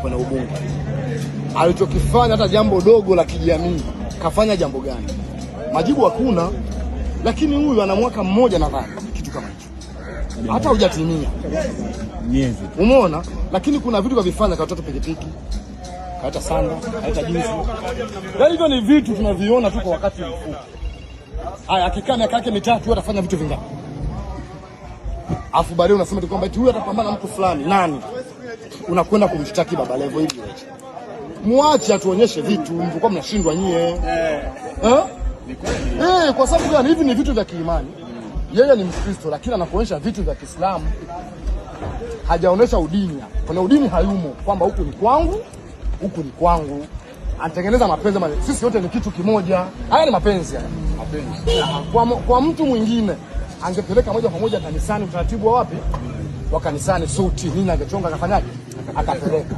kwenye ubunge, alichokifanya hata jambo dogo la kijamii, kafanya jambo gani? Majibu hakuna, lakini huyu ana mwaka mmoja nadhani, kitu kama hicho, hata hujatimia miezi, umeona. Lakini kuna vitu kavifanya, katoto pikipiki kaleta sanda, kaleta jinsi. Yaani hivyo ni vitu tunaviona tu kwa wakati mfupi. Haya, akikaa miaka yake mitatu atafanya vitu vingapi? Afu baadaye unasema tu kwamba eti huyu atapambana mtu fulani. Nani? unakwenda kumshtaki Baba Levo hivi wewe? Muache atuonyeshe vitu, mlikuwa mnashindwa nyie eh? Eh? eh, kwa sababu gani? Hivi ni vitu vya kiimani. Yeye ni Mkristo lakini anakuonyesha vitu vya Kiislamu, hajaonyesha udini. Kuna udini hayumo, kwamba huku ni kwangu, huku ni kwangu anatengeneza mapenzi mali. sisi wote ni kitu kimoja. Haya ni mapenzi haya, mapenzi kwa, kwa mtu mwingine angepeleka moja kwa moja kanisani, utaratibu wa wapi wa kanisani, suti nini angechonga, akafanyaje? akapeleka.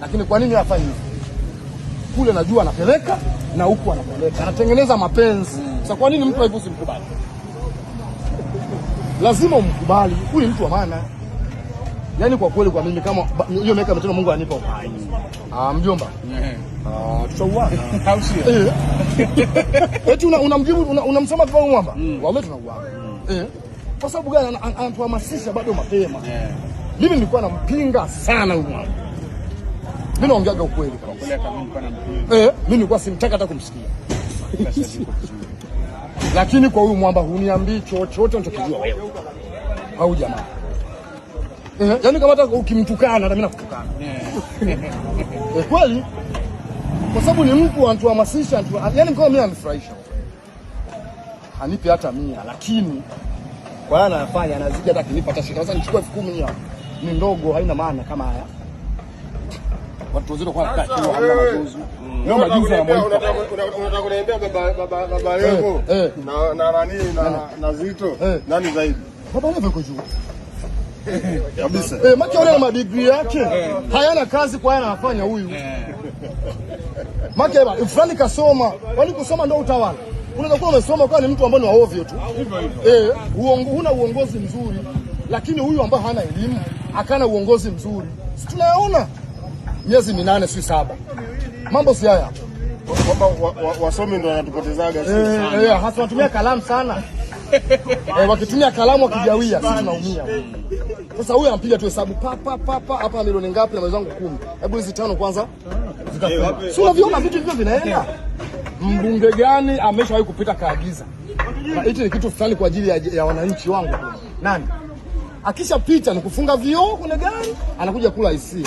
Lakini kwa nini afanye hivyo? Kule najua anapeleka na huku anapeleka, anatengeneza mapenzi. Sasa kwa nini mtu hivyo simkubali? Lazima umkubali, huyu mtu wa maana. Yaani kwa kweli, kwa mimi kama hiyo miaka mitano Mungu anipa uhai, ah, mjomba ah, tutauana eh. Eti unamjibu unamsema mwamba, mm. tunauana. Mm. Eh, kwa sababu gani? Anatuhamasisha bado mapema. Mimi nilikuwa nampinga sana huyu mama. Mimi naongeaga ukweli kabisa. Eh, mimi nilikuwa simtaka hata kumsikia. Lakini kwa huyu mwamba huniambii chochote unachokijua wewe. Au jamaa. Eh, yani kama hata ukimtukana na mimi nakutukana. Eh, kweli. Kwa sababu ni mtu anatuhamasisha, antu yaani kwa mimi anifurahisha. Hanipi hata mia lakini kwa anafanya anazidi hata kinipa hata shilingi. Sasa nichukue elfu kumi hapo ni ndogo, haina maana kama haya watu wazito kwa kati wa hamna eh, majuzi. Mm. Leo majuzi ya mwaka unataka kuniambia baba baba baba Levo eh, eh. na na nani na na Zito nani zaidi? Baba Levo yuko juu kabisa. Eh, maki yule na degree yake hayana kazi kwa yana anafanya huyu. Maki baba fulani kasoma, wani kusoma ndio utawala. Unaweza kuwa umesoma kwa ni mtu ambaye ni wa ovyo tu. Eh, huna uongozi mzuri, lakini huyu ambaye hana elimu akana uongozi mzuri, si tunaona miezi minane si saba, mambo si haya kwamba wasomi ndio wanatupotezaga eh, eh, eh, hasa, wanatumia kalamu sana eh, wakitumia kalamu wakijawia, sisi tunaumia. Sasa huyu anampiga tu hesabu pa pa pa pa, hapa milioni ngapi? na mwenzangu kumi, hebu hizi tano kwanza zitakuwa. Si unaviona vitu hivyo vinaenda. Mbunge gani ameshawahi kupita kaagiza hiki ni kitu fulani kwa ajili ya, ya wananchi wangu? Nani? akishapita ni kufunga vioo kwenye gari, anakuja kula IC. eh,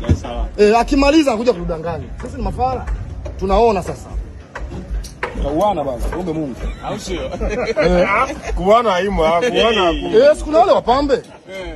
yaani eh, akimaliza anakuja kudanganya. Sisi ni mafara, tunaona sasa eh, kuna eh, wale wapambe eh.